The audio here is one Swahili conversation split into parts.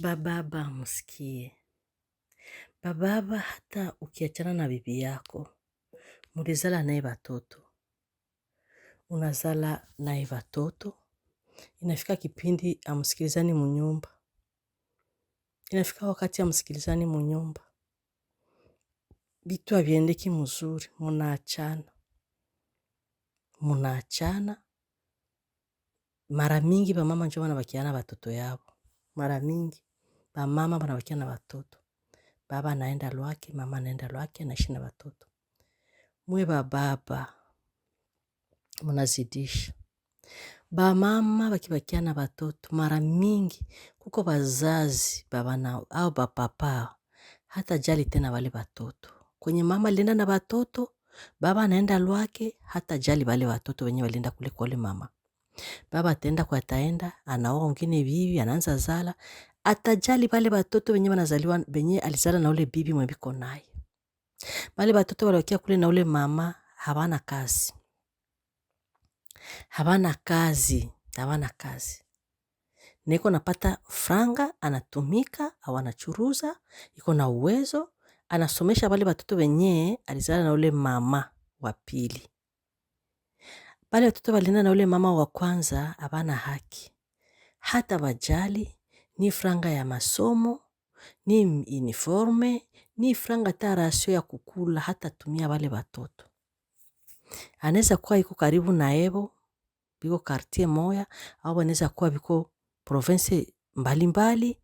bababa amsikie. Bababa hata ukiachana na bibi yako, mulizala naye batoto, unazala naye batoto, inafika kipindi amsikilizani munyumba, inafika wakati amsikilizani munyumba, bitu haviendeki muzuri, munaachana munaachana. Mara mingi bamama njo bakiana batoto yabo, mara mingi ba mama na watoto baba anaenda lwake mama anaenda lwake anaishi na watoto mwe ba baba munazidisha ba mama bakibakia na watoto mara mingi kuko bazazi babana au bapapa hata jali tena wale watoto kwenye mama alienda na watoto baba anaenda lwake hata jali wale watoto wenye walienda kule kwa ule mama baba ataenda kwa ataenda anaoa wengine vivi anaanza zala atajali bale batoto wenye wanazaliwa benye alizala na ule bibi mwe biko naye. Wale batoto waliwakia kule na ule mama hawana kazi, hawana kazi, hawana kazi. Niko napata franga, anatumika au anachuruza, iko na uwezo, anasomesha bale batoto wenye alizala na ule mama wa pili. bale watoto walinda na ule mama wa kwanza, hawana haki hata wajali ni franga ya masomo, ni uniforme, ni franga ata ratio ya kukula hata tumia wale watoto anaweza kuwa iko karibu na ebo biko kartie moya au anaweza kuwa biko province mbalimbali mbali,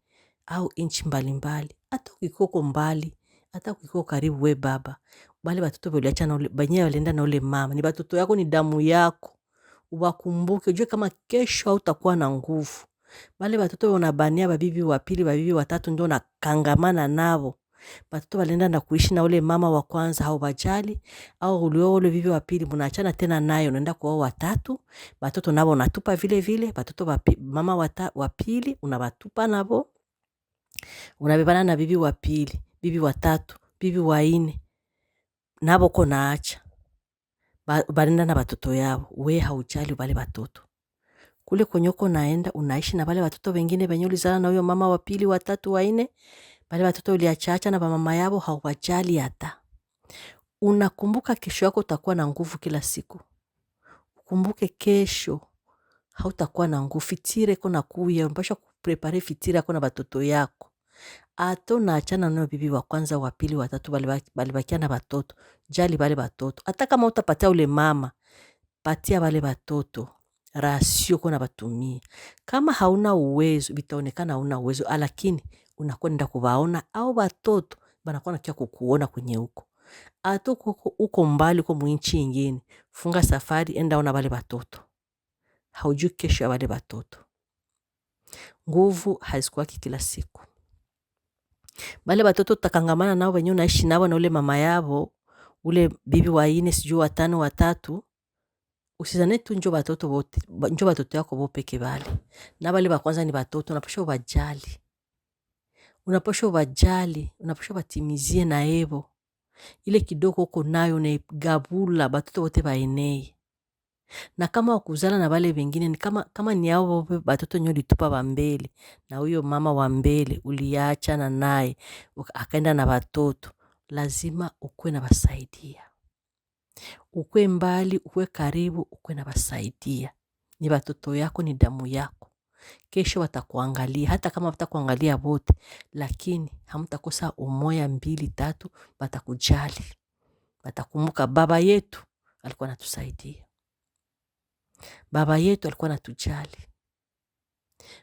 au inchi mbalimbali ata ukikoko mbali hata ukikoko karibu we baba bale batoto baliacha na benye balienda na ule mama ni batoto yako ni damu yako ubakumbuke ujue kama kesho hautakuwa na nguvu Bale batoto unabania babibi wa pili, babibi wa tatu ndio unakangamana nabo Batoto balenda na kuishi na ule mama wa kwanza au bajali au ulioa ule bibi wa pili mnaachana tena naye unaenda kwa wa tatu, batoto nabo natupa vile vile, batoto ba mama wa, wa pili unabatupa nabo Unabebana na bibi wa pili, bibi wa tatu, bibi wa ine nabo ko naacha. Banaenda na batoto yavo, we haujali bale batoto kule kwenyeko naenda unaishi na wale watoto wengine wenye ulizala na huyo mama wa pili, wa tatu, wa nne, wale watoto uliachacha na mama yao hawajali hata. Unakumbuka kesho yako utakuwa na nguvu kila siku. Ukumbuke kesho hautakuwa na nguvu. Fitire na kuya, unapasha kuprepare fitira yako na watoto yako. Ato na achana nao bibi wa kwanza, wa pili, wa tatu bali balibakia na watoto Jali bale watoto Hata kama utapatia ule mama, patia wale watoto rasio kuwa na vatumia. Kama hauna uwezo vitaonekana hauna uwezo, alakini ah, unakwenda kuvaona au vatoto vanakuwa nakia kukuona kwenye uko ata ah, uko mbali kwa mwinchi ingine, funga safari enda ona vale vatoto, haujui kesho ya vale batoto Nguvu hazikuwaki kila siku. bale batoto takangamana nao venye naishi navo na ule mama yavo ule bibi waine sijui watano watatu, usizane tu njo batoto bote njo batoto yako bo peke bale na bale ba kwanza ni batoto, unapasha ubajali, unapasha ubajali, unapasha batimizie na ebo ile kidogo uko nayo gabula batoto bote baeneye na kama wakuzala na bale bengine ni kama, kama ni ao batoto nyo litupa bambele na huyo mama wa mbele uliachana naye akaenda na batoto, lazima ukwe na basaidia. Ukwe mbali, ukwe karibu, ukwe na basaidia Ni watoto yako, ni damu yako. Kesho watakuangalia, hata kama watakuangalia wote, lakini hamtakosa umoya mbili tatu, watakujali, watakumbuka baba yetu alikuwa anatusaidia, baba yetu alikuwa anatujali,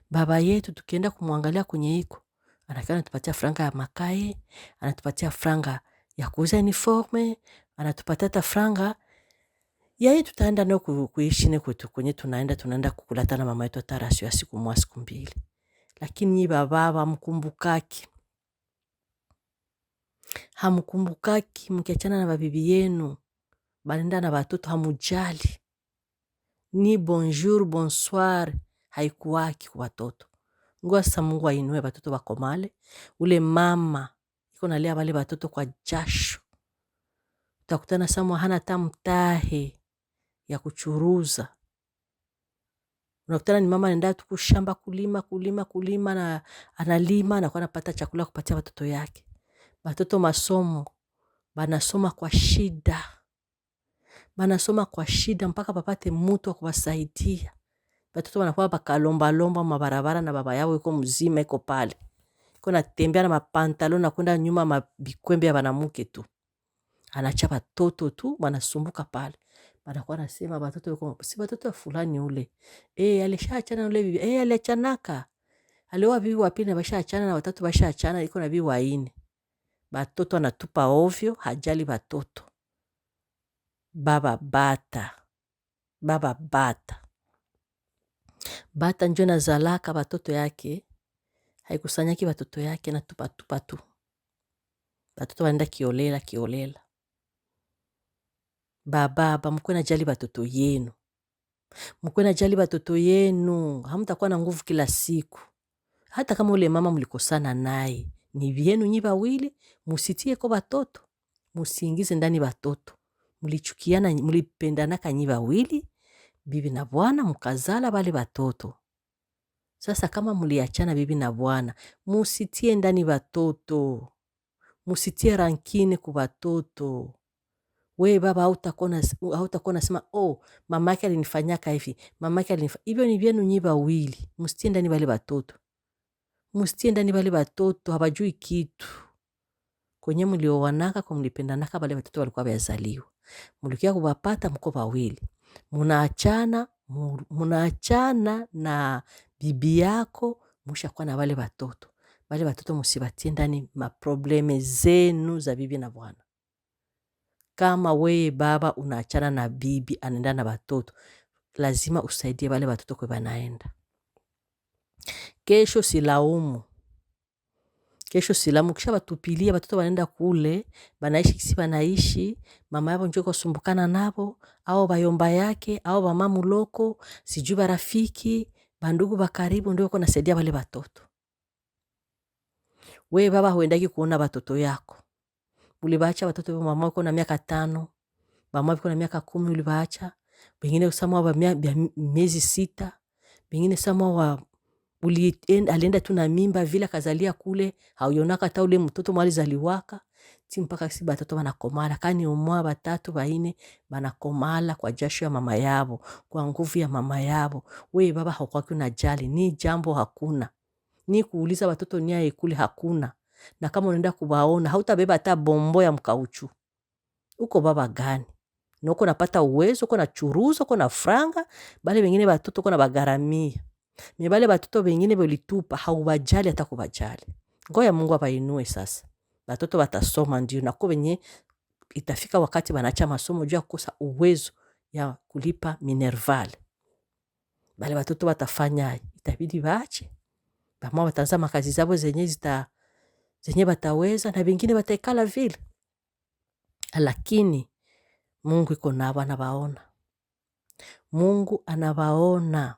baba yetu tukienda kumwangalia kwenye iko anakiwa anatupatia franga ya makae, anatupatia franga ya kuuza uniforme, anatupata hata franga yaye yaani tutaenda nayo kuishi ne kwetu kwenye tunaenda tunaenda na mama yetu hata ya siku mwa siku mbili, lakini ni baba hamkumbukaki, hamkumbukaki. Mkiachana na babibi yenu banenda na batoto hamujali, ni bonjour bonsoir haikuwaki kwa watoto ngoa. Sasa Mungu ainue batoto bakomale, ule mama iko nalea bale batoto kwa jasho utakutana samwa hana hata mtahe ya kuchuruza. Unakutana ni mama anaenda tu kushamba kulima kulima kulima, na analima anakuwa anapata chakula kupatia watoto yake. Watoto masomo banasoma kwa shida, banasoma kwa shida mpaka bapate mutu wa kuwasaidia. Batoto banakuwa bakalombalomba mabarabara na baba yao iko mzima iko pale, iko natembea na mapantalo na kwenda nyuma mabikwembe ya banamuke tu anacha watoto tu wanasumbuka pale, wanakuwa nasema watoto si watoto wa fulani ule e, alishaachana ule bibi eh, aliachanaka alioa bibi wa pili na bashaachana na watatu bashaachana, iko na bibi waine. Batoto anatupa ovyo, hajali batoto. Baba bata baba bata bata njo nazalaka batoto yake, haikusanyaki batoto yake, natupatupa tu batoto wanaenda kiolela kiolela bababa mukuwe najali batoto yenu mukuwe najali batoto yenu hamutakuwa na nguvu kila siku hata kama ule mama mlikosana naye ni vyenu nyi bawili ko batoto musiingize ndani batoto mlichukiana mlipendanaka nyi bawili bibi na bwana mkazala bale batoto sasa kama mliachana bibi na bwana musitie ndani batoto musitie rankine ku batoto we baba hautakuwa nasema oh, mama mamake alinifanyaka hivi, mamake alinifanya hivyo. Ni vyenu nyi wawili, msitie ndani wale watoto, msitie ndani wale watoto, hawajui kitu kwenye mliowanaka kwa mlipendanaka, wale watoto walikuwa wazaliwa, mlikia kuwapata mko wawili, munaachana munaachana na bibi yako, mushakuwa na wale watoto. Wale watoto musibatie ndani maprobleme zenu za bibi na bwana. Kama wewe baba unaachana na bibi anaenda na watoto, lazima usaidie wale watoto kwe wanaenda. Kesho silaumu, kesho silaumu. Kisha watupilia watoto wanaenda kule, banaishi kisi banaishi, mama yavo njo kosumbukana navo au bayomba yake au loko, sijui barafiki bandugu bakaribu ndio konasaidia wale watoto. We baba huendaki kuona watoto yako ulibaacha watoto wa mama uko na miaka tano mama viko na miaka kumi ulibaacha bengine samwa wa miezi sita bengine samwa wa alienda tu na mimba vile akazalia kule hauyonaka hata ule mtoto mwalizaliwaka ti mpaka si batoto banakomala kani umwa batatu baine banakomala kwa jasho ya mama yabo kwa nguvu ya mama yabo we baba hakwaki unajali ni jambo hakuna ni kuuliza batoto nia kule hakuna na kama unaenda kuwaona hautabeba hata bombo ya mkauchu. Uko baba gani? Na napata uwezo, uko na churuzo uko na franga, bale bengine batoto uko na bagaramia. Me bale batoto bengine bolitupa haubajali hata kubajali. Ngoya Mungu abainue sasa. Batoto batasoma ndio na nako benye itafika wakati banacha masomo juu ya kukosa uwezo ya kulipa minerval. Bale batoto batafanya itabidi baache. Bamama bataanza makazi zabo zenye zita zenye bataweza na vingine bataikala vile, lakini Mungu iko nabo, anabaona. Mungu anabaona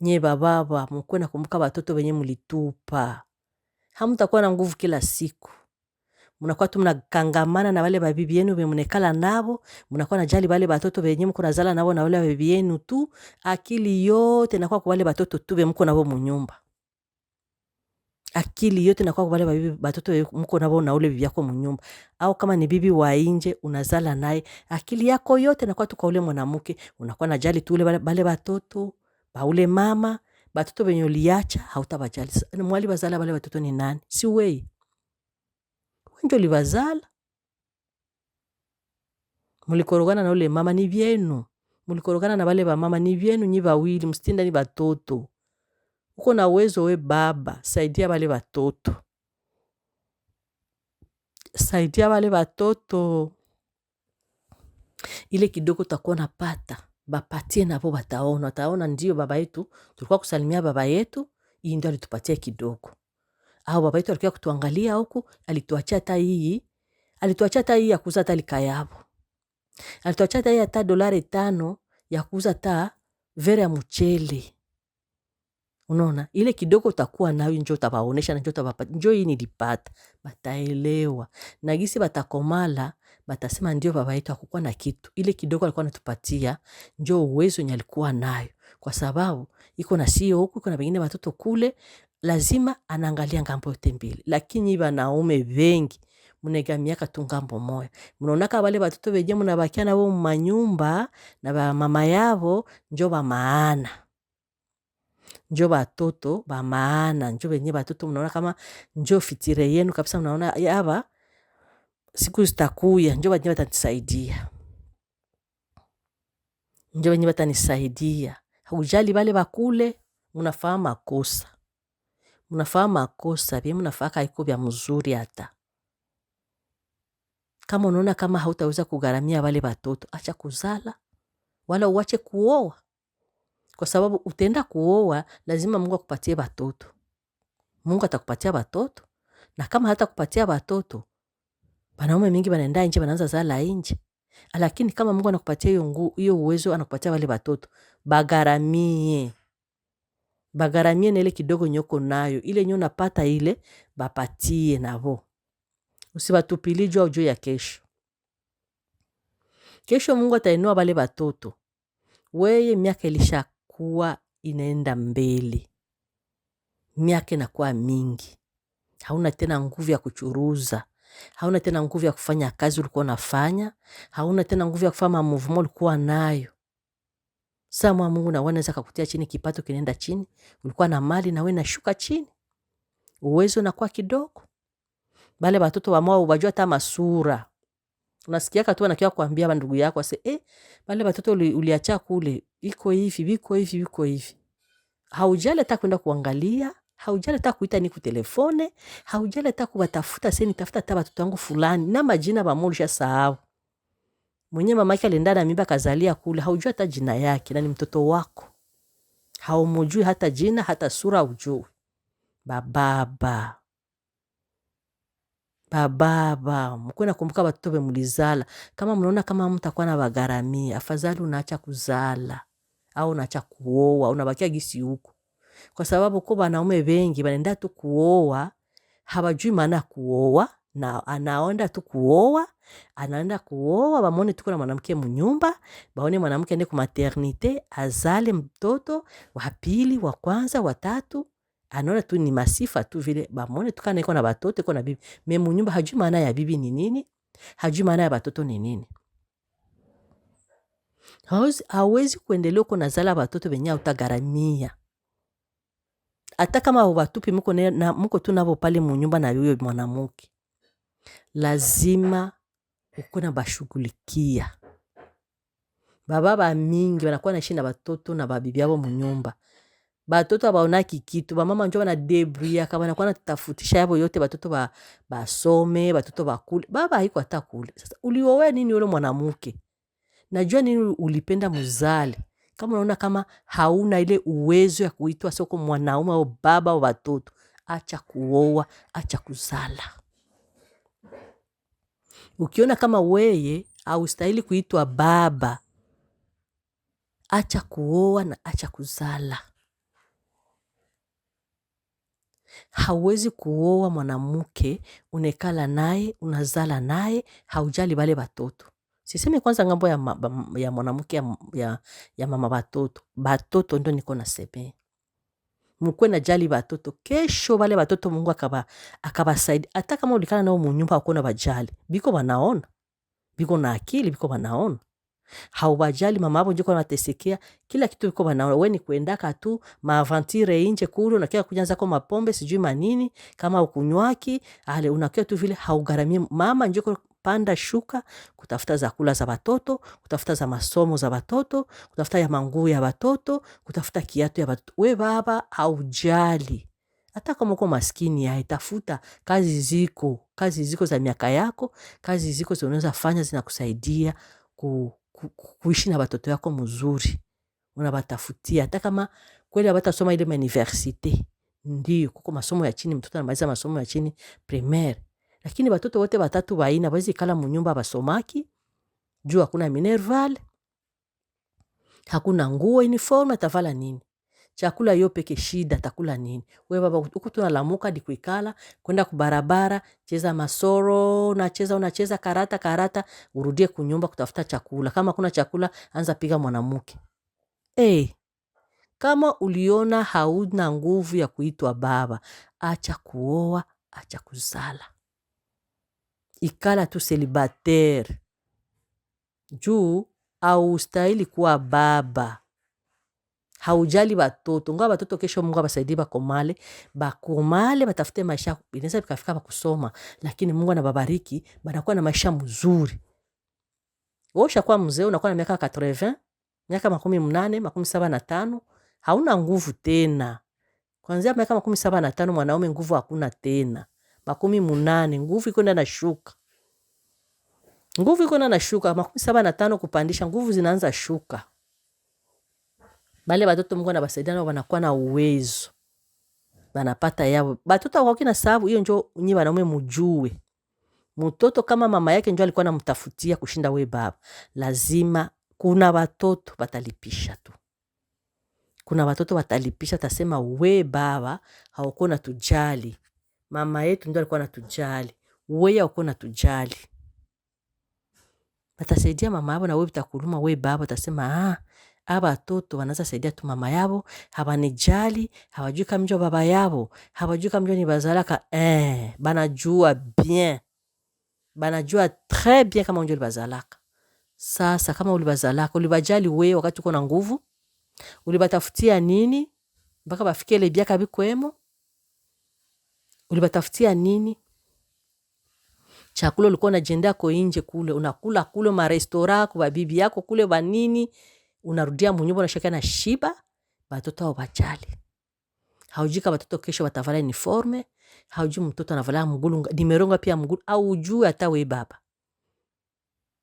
nye bababa, mukwe nakumbuka batoto venye mulitupa. Hamutakuwa na nguvu kila siku, munakuwa tu mnakangamana na wale babibi yenu vemunekala nabo, munakuwa najali bale batoto venye muko nazala nabo na wale babibi yenu tu, akili yote nakuwa kwa bale batoto tu bemuko nabo munyumba akili yote inakuwa wale babibi batoto mko nabo na ule bibi yako munyumba, au kama ni bibi wa inje unazala naye, akili yako yote inakuwa tu kwa ule mwanamke. Unakuwa na jali tu ule bale batoto ba ule mama batoto benye uliacha hautabajali. Mwali bazala bale batoto ni nani? Si wewe wenje ulibazala, mulikorogana na ule mama ni vyenu, mulikorogana na bale ba mama ni vyenu, nyi bawili msitinda ni batoto uko na uwezo we baba, saidia wale watoto, saidia wale watoto ile kidogo takuwa pata bapatie nabo wataona wataona, ndio baba yetu tulikuwa kusalimia baba yetu, hii ndio alitupatia kidogo, au baba yetu alikuwa kutuangalia huku, alituachia hata hii, alituachia hata hii ya kuuza hata likayabo, alituachia hata hii hata dolari tano ya kuuza hata vere ya mchele. Unaona, ile kidogo utakuwa nayo njo utawaonesha na njo utawapata, njo hii nilipata, bataelewa na gisi batakomala, batasema ndio baba yetu akukuwa na kitu. Ile kidogo alikuwa anatupatia njo uwezo nye alikuwa nayo, kwa sababu iko na sio huku, iko na pengine watoto kule, lazima anaangalia ngambo yote mbili. Lakini banaume bengi miaka tu ngambo moya, mnaonaka wale watoto benye munabakia nabo mumanyumba na bamama yabo njo ba njo batoto ba maana, njo benye batoto mnaona kama njo fitire yenu kabisa, mnaona yaba siku zitakuya njo benye batanisaidia, njo benye batanisaidia. Haujali bale bakule munafaa makosa, mnafaa makosa bye munafaaka haiko bya mzuri hata kama unaona kama hautaweza kugharamia bale batoto, acha kuzala wala uwache kuoa kwa sababu utenda kuoa, lazima Mungu akupatie watoto. Mungu atakupatia watoto, na kama hata kupatia watoto, wanaume mingi wanaenda nje, wanaanza zala nje. Lakini kama Mungu anakupatia hiyo nguvu, hiyo uwezo, anakupatia wale watoto, bagaramie bagaramie na ile kidogo nyoko nayo ile nyo napata ile bapatie navo, usibatupili jua ujo ya kesho. Kesho Mungu atainua bale batoto, weye miaka ilishaka inakuwa inaenda mbele, miaka inakuwa mingi, hauna tena nguvu ya kuchuruza, hauna tena nguvu ya kufanya kazi ulikuwa unafanya, hauna tena nguvu ya kufanya mamuvuma ulikuwa nayo. Saa mwa Mungu na wanaweza kakutia chini, kipato kinaenda chini, ulikuwa na mali nawe nashuka chini, uwezo unakuwa kidogo. Bale batoto wamwao wajua hata masura unasikiaka tu anakiwa kuambia ndugu yako ase eh, wale watoto uliacha kule iko hivi viko hivi viko hivi. Haujale ta kwenda kuangalia, haujale ta kuita ni kutelefone, haujale ta kuwatafuta seni tafuta ta watoto wangu fulani na majina ba mulisha sahau. Mwenye mama yake alienda na mimba kazalia kule, haujua hata jina yake na ni mtoto wako. Haumujui hata jina hata sura ujui. Bababa. Bababa, mkuwe nakumbuka watoto kama mnaona kama mtu kama na navagharamia afadhali unaacha kuzala au unaacha kuoa unabakia gisi huko kwa sababu ko wanaume vengi wanaenda tu kuoa hawajui maana kuoa na anaenda tu kuoa anaenda kuoa vamwone tuko na mwanamke munyumba baone mwanamke aende kumaternite azale mtoto wa pili wa kwanza wa tatu anaona tu ni masifa tu vile bamone tu kana iko na batoto iko na bibi me munyumba, hajui maana ya bibi ni nini, hajui maana ya batoto ni nini. Hawezi kuendelea uko nazala batoto venye utagaramia, hata kama batupi muko na muko tu nabo pale munyumba na yuyo mwanamuke lazima uko na bashughulikia. Baba ba mingi wanakuwa naishi na batoto na babibi yabo munyumba batoto abaonaki kitu bamama njo na kwana natafutisha yabo yote batoto ba, basome batoto bakule baba haiko hata kule sasa uliowe nini yule mwanamke? najua nini ulipenda muzale kama unaona kama hauna ile uwezo ya kuitwa soko mwanaume au baba wa watoto acha kuoa acha kuzala ukiona kama weye austahili kuitwa baba acha kuoa na acha kuzala Hauwezi kuoa mwanamuke, unekala naye, unazala naye, haujali wale batoto. Sisemi kwanza ngambo ya, ya mwanamke ya, ya, ya mama batoto. Batoto ndo niko nasemea. Mukwe na jali batoto. Kesho bale batoto Mungu akaba akabasaidi. Hata kama ulikala nao munyumba akuona bajali. Biko banaona. Biko na akili, biko banaona hauwajali mama hapo njiko wanatesekea kila kitu iko banaona we ni kuendaka tu maavantire inje kule unakia kujanza kwa mapombe sijui manini kama ukunywaki ale unakia tu vile haugaramie mama njiko panda shuka kutafuta za kula za watoto kutafuta za masomo za watoto kutafuta ya manguu ya watoto kutafuta kiatu ya watoto we baba haujali hata kama uko maskini ya itafuta kazi ziko kazi ziko za miaka yako kazi ziko zinaweza fanya zinakusaidia ku kuishi na batoto yako mzuri, unabatafutia hata kama kweli abatasoma ile mauniversite. Ndio kuko masomo ya chini, mtoto anamaliza masomo ya chini primaire, lakini batoto bote batatu baine abawezi ikala munyumba basomaki juu hakuna minerval, hakuna nguo uniforme atavala nini chakula hiyo peke shida takula nini Wewe baba huku tunalamuka dikuikala kwenda kubarabara cheza masoro unacheza unacheza karata karata urudie kunyumba kutafuta chakula kama kuna chakula anza piga mwanamuke hey, eh, kama uliona hauna nguvu ya kuitwa baba acha kuoa acha kuzala ikala tu selibatere juu au ustahili kuwa baba haujali batoto ngoa batoto kesho Mungu abasaidie bakomale bakomale batafute maisha inaweza bikafika bakusoma lakini Mungu anababariki banakuwa na maisha mzuri wewe ushakuwa mzee unakuwa na miaka 80 miaka makumi mnane makumi saba na tano hauna nguvu tena kwanzia miaka makumi saba na tano mwanaume nguvu hakuna tena makumi munane nguvu iko na shuka nguvu iko na shuka makumi saba na tano kupandisha nguvu zinaanza shuka bale batoto Mungu anabasaidia nao, wanakuwa na uwezo, banapata yao. Batoto wakoki na sababu hiyo, njo nyi wanaume mujue, mtoto kama mama yake njo alikuwa namtafutia kushinda we baba, lazima kuna watoto batalipisha tu kuna watoto watalipisha, tasema we baba hauko na tujali, mama yetu ndio alikuwa natujali, we na tujali, Batasaidia mama yabo na we bitakuluma, we baba utasema ah, Hawa watoto wanaeza saidia tu mama yabo, hawanijali, hawajui kama njo baba yabo, hawajui kama njo ni bazalaka eh, banajua bien, banajua tres bien kama njo libazalaka. Sasa kama ulibazalaka, ulibajali we wakati uko na nguvu, ulibatafutia nini mpaka bafike ile byaka bikwemo? Ulibatafutia nini? Chakula ulikuwa unajiendea ko inje kule unakula kule marestora bibi yako kule banini unarudia munyumba unashaka na shiba batoto ao bajali haujui ka batoto kesho batavala uniforme haujui mtoto anavala mgulu nimeronga pia mgulu au ujui hata we baba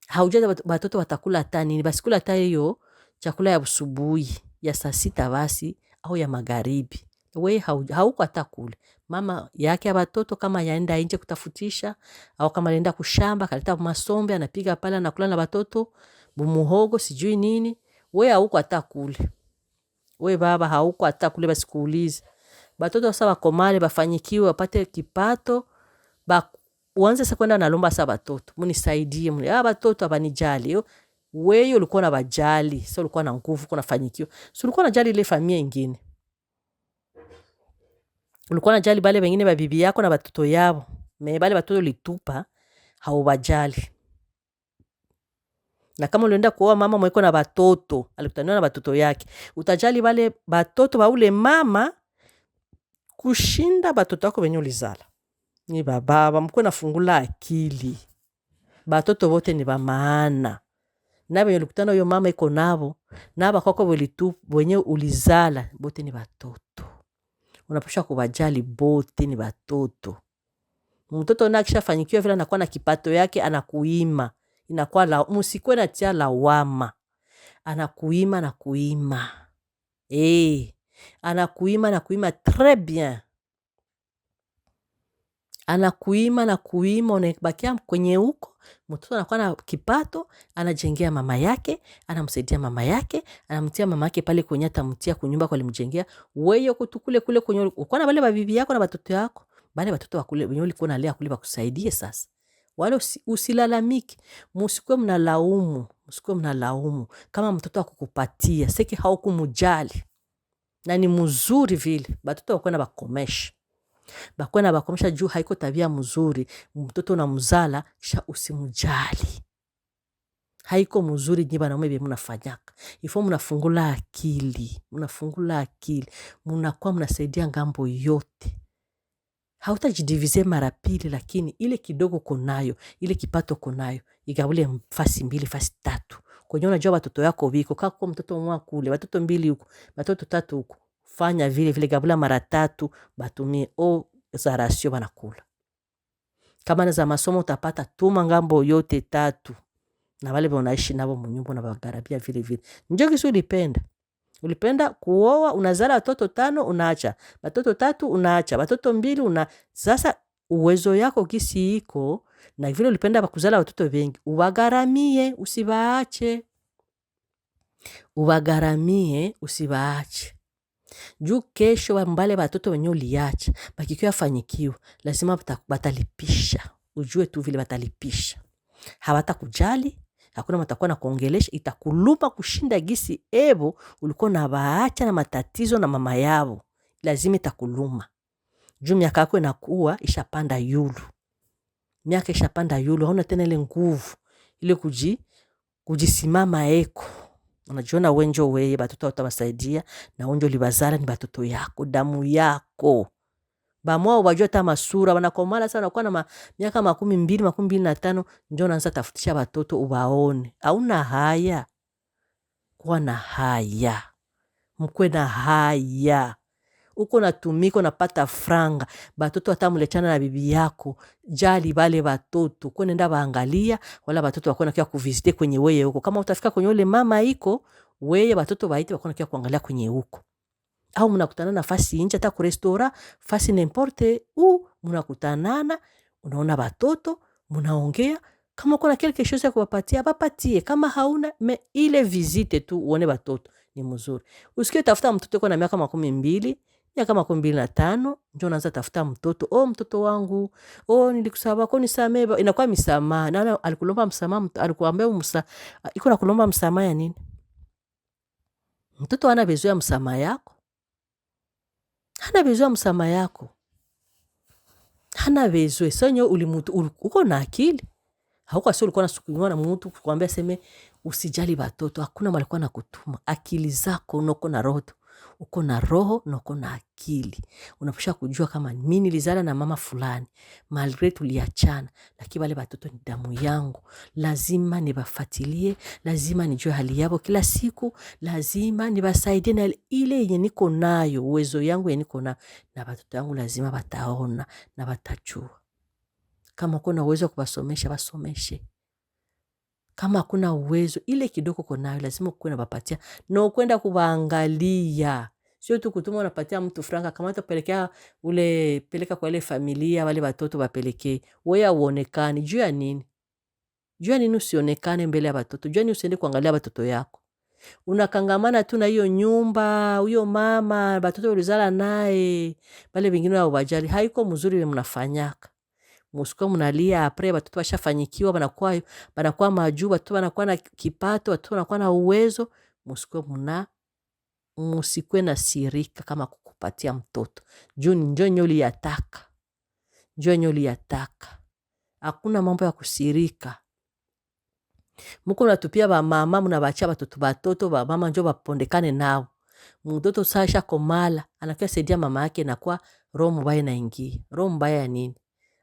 haujui batoto watakula hata nini basikula hata hiyo chakula ya usubuhi ya saa sita basi au ya magharibi we hauko hata kule mama yake ya batoto kama yaenda nje kutafutisha au kama anaenda kushamba kaleta masombe anapiga pale anakula na batoto bumuhogo sijui nini we hauko hata kule, we baba hauko hata kule, basi kuuliza batoto sasa bakomale bafanyikiwe wapate kipato ba uanze sasa kwenda nalomba sasa batoto munisaidie muni ah, batoto abanijali yo wewe ulikuwa na bajali sio ulikuwa na nguvu, kuna fanyikiwa sio, ulikuwa na jali ile familia nyingine, ulikuwa na jali bale wengine ba bibi yako na batoto yao, me bale batoto litupa bajali na kama ulienda kuoa mama mweko na batoto, alikutaniwa na batoto yake, utajali wale batoto wa ule mama kushinda batoto wako wenye ulizala. Ni bababa, mkuwe nafungula akili, batoto wote ni ba maana na wenye ulikutana huyo mama iko navo na bakwako welitu wenye ulizala bote ni batoto, unapasha kuwajali bote ni batoto. Mtoto na akishafanyikiwa vile anakuwa na kipato yake anakuima inakuwa la, musikwe musikuwe natia lawama. Anakuima na kuima e, anakuima eh, na kuima tre bien, anakuima na kuima, unabakia kwenye huko. Mtoto anakuwa na kipato, anajengea mama yake, anamsaidia mama yake, anamtia mama yake pale kwenye atamtia kunyumba kwa alimjengea wewe, kutukule kule kwenye uko na wale babibi yako na batoto yako, bale batoto wakule wenye ulikuwa nalea kule bakusaidie sasa wala usilalamike, musikuwe mnalaumu, musikuwe mnalaumu kama mtoto akukupatia seke haukumujali na ni mzuri vile batoto bakuwe na bakomesha bakuwe na bakomesha juu haiko tabia mzuri mtoto unamzala kisha usimujali haiko mzuri nyi banaume bye munafanyaka ifo munafungula akili munafungula akili munakuwa munasaidia ngambo yote hautajidivize mara pili, lakini ile kidogo konayo, ile kipato konayo, igawile fasi mbili, fasi tatu kwenye unajua watoto yako viko kako, mtoto mwa kule, watoto mbili huko, watoto tatu huko, fanya vile vile, gabula mara tatu, batumie o za rasio banakula. Kama na za masomo utapata tuma ngambo yote tatu na wale wanaishi nabo munyumba na bagarabia vile vile, njo Kiswahili penda Ulipenda kuoa, unazala watoto tano unaacha, watoto tatu unaacha, watoto mbili una sasa uwezo yako kisi iko na vile ulipenda kuzala watoto wengi, uwagaramie, usibaache, uwagaramie, usibaache juu kesho wambale watoto wenye uliacha bakikiwa fanyikiwa lazima batalipisha Ujue tu vile watalipisha, hawatakujali hakuna matakuwa na kuongelesha, itakuluma kushinda gisi evo ulikuwa na baacha na matatizo na mama yavo, lazima itakuluma juu miaka yako inakuwa ishapanda yulu, miaka ishapanda yulu, hauna tena ile nguvu ile kuji kujisimama eko unajiona wenjo weye batoto watawasaidia na wenjo libazara ni batoto yako damu yako bamwao bajua ta masura banakomala sana, kwa na ma, miaka makumi mbili makumi mbili na tano njo naanza tafutisha batoto ubaone. Auna haya kwa na haya, mkwe na haya uko natumika unapata franga, batoto atamulechana na bibi yako. Jali bale batoto kwa nenda baangalia, wala batoto bakona kia kuvisite kwenye weye huko. Kama utafika kwenye ule mama iko weye, batoto baite bakona kia kuangalia kwenye huko au mnakutanana fasi nje hata kurestora fasi nemporte u mnakutanana, unaona batoto mnaongea, kama kuna quelque chose ya kuwapatia bapatie, kama hauna me ile visite tu uone batoto ni mzuri. Usikie tafuta mtoto kwa na miaka makumi mbili miaka makumi mbili na tano njo unaanza tafuta mtoto o, oh, mtoto wangu o, oh, nilikusaba ko nisamee, inakuwa misamaha na alikulomba msamaha, alikuambia msa ah, iko na kulomba msamaha ya nini? Mtoto ana bezoea msamaha yako hana bezwa msamaha yako, hana bezwe sanyo ulimutu uko na akili hauko asi ulikuwa nasukumiwa na mtu kukwambia seme usijali batoto, hakuna malikuwa na kutuma akili zako noko na roho uko na roho na uko na akili. Unapasha kujua kama mi nilizala na mama fulani malgre tuliachana, lakini wale watoto ni damu yangu, lazima nibafatilie, lazima nijue hali yavo kila siku, lazima nibasaidie na ile yenye niko nayo, uwezo yangu yenye niko nayo, na watoto yangu lazima wataona na watajua. Kama uko na uwezo wa kuwasomesha, wasomeshe. Kama hakuna uwezo, ile kidogo uko nayo lazima ukuwe unawapatia na ukwenda kuwaangalia, sio tu kutuma unapatia mtu franka kama utapelekea ule peleka kwa ile familia wale watoto wapelekee, wewe hauonekani. Juu ya nini? Juu ya nini usionekane mbele ya watoto? Juu ya nini usiende kuangalia watoto yako? Unakangamana tu na hiyo nyumba, huyo mama, watoto ulizala naye, wale wengine hawajali. Haiko mzuri vyenye mnafanyaka musikuwe munalia apre batoto bashafanyikiwa banakuwa banakuwa majuu batoto banakuwa na kipato batoto banakuwa na uwezo musikuwe muna musikuwe na sirika kama kukupatia mtoto juu njo nyoli yataka njo nyoli yataka hakuna mambo ya kusirika muko munatupia bamama munabacha batoto batoto mama njo bapondekane nao mtoto sasha komala anakuya saidia mama yake nakuwa roho mubaya naingia roho mubaya ya nini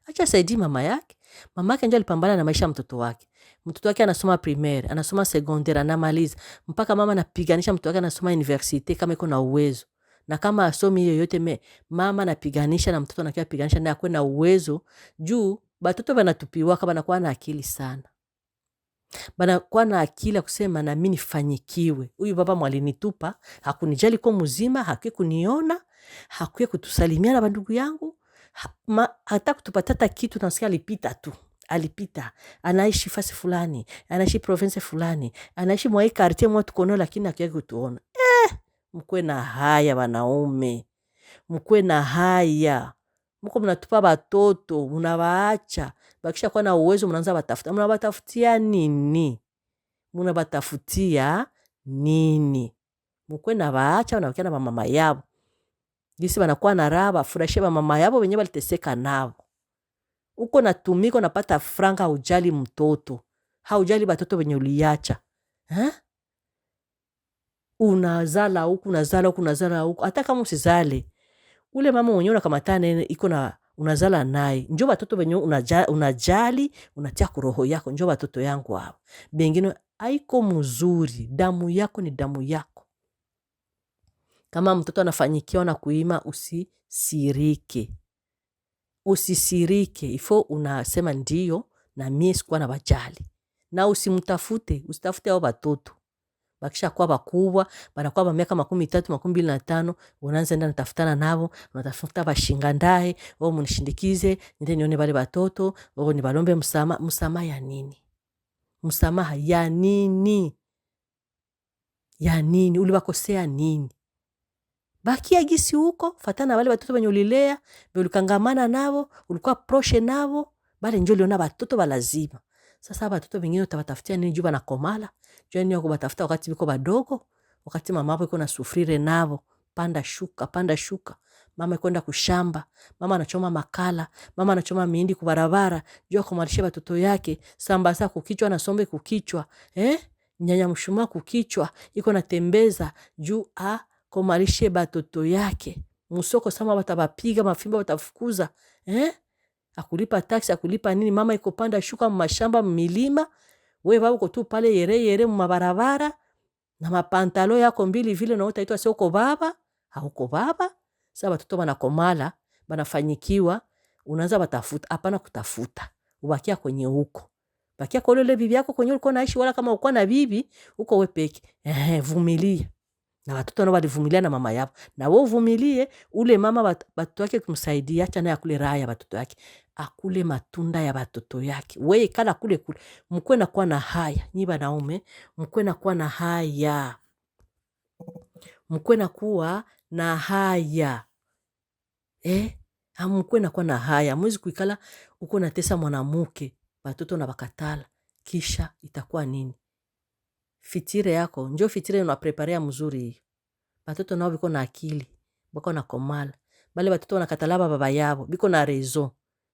acha saidii mama yake. Mama yake ndio alipambana na maisha mtoto wake. Mtoto wake anasoma primaire, anasoma secondaire, anamaliza mpaka mama anapiganisha mtoto wake anasoma universite kama iko na uwezo na kama asomi yoyote me mama anapiganisha na mtoto anakiwa piganisha naye akuwe na uwezo juu batoto kama banakuwa na akili sana banakuwa na akili ya kusema mimi nifanyikiwe. Huyu baba mwalinitupa hakunijali kwa mzima, hakuye kuniona, hakuye kutusalimia na bandugu yangu, hataki kutupatia kitu, nasikia alipita tu alipita anaishi fasi fulani, anaishi province fulani, anaishi mwa kartie mwa tukono, lakini akia kutuona eh. Mkuwe na haya wanaume, mkuwe na haya, mko mnatupa watoto mnawaacha, bakisha kuwa na uwezo mnaanza watafuta. Mnawatafutia nini? Mnawatafutia nini? Mkuwe na waacha wanawakia na wamama yao gisi banakuwa na raha bafurahishe bamama yabo wenye baliteseka nabo. Uko na tumiko napata franga, haujali mtoto, haujali batoto benye uliacha ha? Unazala huku unazala huku unazala huku, hata kama usizale, ule mama mwenye unakamatana iko na unazala naye, njo batoto benye unajali, unatia kuroho yako, njo batoto yangu hao. Bengine aiko mzuri, damu yako ni damu yako. Kama mtoto anafanyikiwa na kuima usisirike. Usisirike ifo unasema ndiyo na mie sikuwa na bajali. Na usimtafute, usitafute ao batoto. Bakisha kuwa bakubwa, banakuwa ba makumi tatu, makumi mbili na tano, unaanza enda natafutana nabo, unatafuta bashingandae, oo munishindikize, nde nione bale batoto, oo nibalombe msamaha. msama ya nini? Msamaha ya nini? Ya nini? Ulibakosea nini? bakia gisi huko, fatana na wale watoto wenye ulilea ulikangamana navo, ulikuwa proshe navo, bale njo liona watoto balazima. Sasa watoto wengine utawatafutia nini juu banakomala? Jua nini wakubatafuta wakati biko badogo, wakati mama hapo iko na sufrire navo, panda shuka, panda shuka. Mama kwenda kushamba, mama anachoma makala, mama anachoma mihindi kubarabara, juu kumalisha watoto yake, sambasa kukichwa na sombe kukichwa, eh? Nyanya mshumaa kukichwa, iko natembeza juu a ah, komarishe batoto yake musoko sama batabapiga mafimbo batafukuza eh? akulipa taksi akulipa nini mama iko panda shuka mumashamba mumilima we babuko tu pale yere yere mumabarabara na mapantalo yako mbili vile na utaitwa sio uko baba au hauko baba sasa batoto banakomala banafanyikiwa unaanza batafuta hapana kutafuta ubakia kwenye huko bakia kolele bibi yako kwenye ulikuwa naishi wala kama ukuwa na bibi uko wepeke eh, vumilia na watoto wano walivumilia na mama yavo, nawe uvumilie. Ule mama watoto wake kumsaidia, acha naye akule raha ya watoto yake, akule matunda ya watoto yake, weye kala kule kule. Mkwe nakuwa na haya nyi wanaume, mkwe nakuwa na haya, mkwe nakuwa na haya eh? Mkwe nakuwa na haya, mwezi kuikala uko natesa mwanamuke watoto na wakatala, kisha itakuwa nini? fitire yako njo fitire unapreparea mzuri batoto nao biko na akili biko na komala bale batoto wanakatalaba baba yabo biko na rezo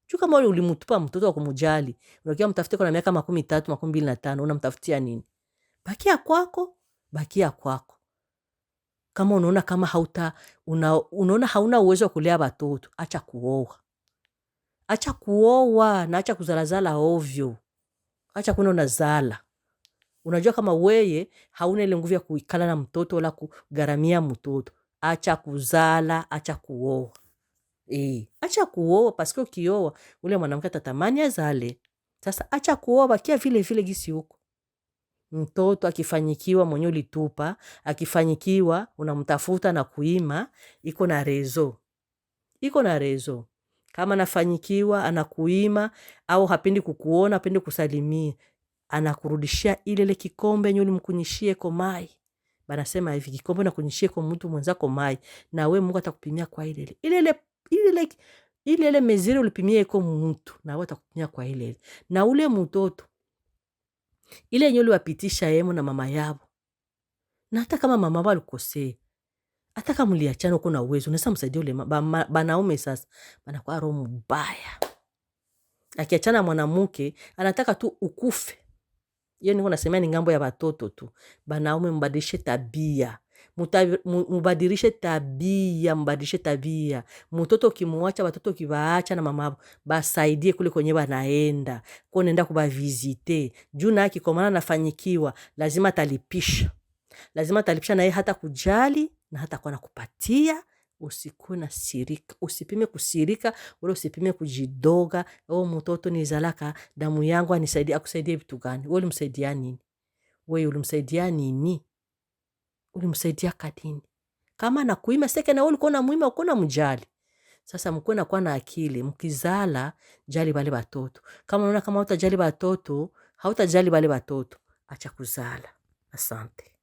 juu kama ulimutupa mtoto wa kumujali unakia mtafute kona miaka makumi tatu makumi mbili na tano unamtafutia nini bakia kwako bakia kwako kama unaona kama hauta una, unaona hauna uwezo wa kulea batoto acha kuoa acha kuoa na acha kuzalazala ovyo acha kuna unazala Unajua kama weye hauna ile nguvu ya kuikala na mtoto wala kugaramia mtoto, acha kuzala, acha kuoa e, acha kuoa paske ukioa ule mwanamke atatamani azale. Sasa acha kuoa, bakia vile vile gisi huko mtoto akifanyikiwa mwenye ulitupa, akifanyikiwa unamtafuta na kuima, iko na rezo, iko na rezo. Kama anafanyikiwa anakuima, au hapendi kukuona, hapendi kusalimia, anakurudishia ile ile kikombe mkunyishie ko mai banasema hivi kikombe nakunyishie kwa mtu mwenzako mai na we Mungu atakupimia kwa ile ile ile ile ile ile ile ile mezire ulipimia iko mtu na we atakupimia kwa ile ile na ule mtoto ile yenye uliwapitisha yemo na mama yabo, na hata kama mama yabo alikosea, hata kama uliachana uko na uwezo unaweza msaidia ule banaume. ba, ba, Sasa banakuwa roho mbaya, akiachana mwanamke anataka tu ukufe iyo niko nasemea ni yaani ngambo ya batoto tu. Banaume mbadilishe tabia. Mubadilishe tabia, mubadilishe tabia. Mutoto ukimuacha, batoto kibaacha na mama basaidie kule kwenye wanaenda. Kuwa unaenda kubavizite. Juu naye akikomana nafanyikiwa lazima talipisha Lazima talipisha na hata kujali na hatakuwa kupatia usikue na sirika, usipime kusirika, wala usipime kujidoga. Oh, mtoto nizalaka damu yangu anisaidie. Akusaidie vitu gani? Wewe ulimsaidia nini? Wewe ulimsaidia nini? Ulimsaidia kadini? Kama nakuima seke, na wewe ulikuwa unamuima, ulikuwa mjali. Sasa mkuwe na kuwa na akili, mkizala jali bale batoto. Kama unaona kama hautajali batoto, hautajali bale batoto, acha kuzala. Asante.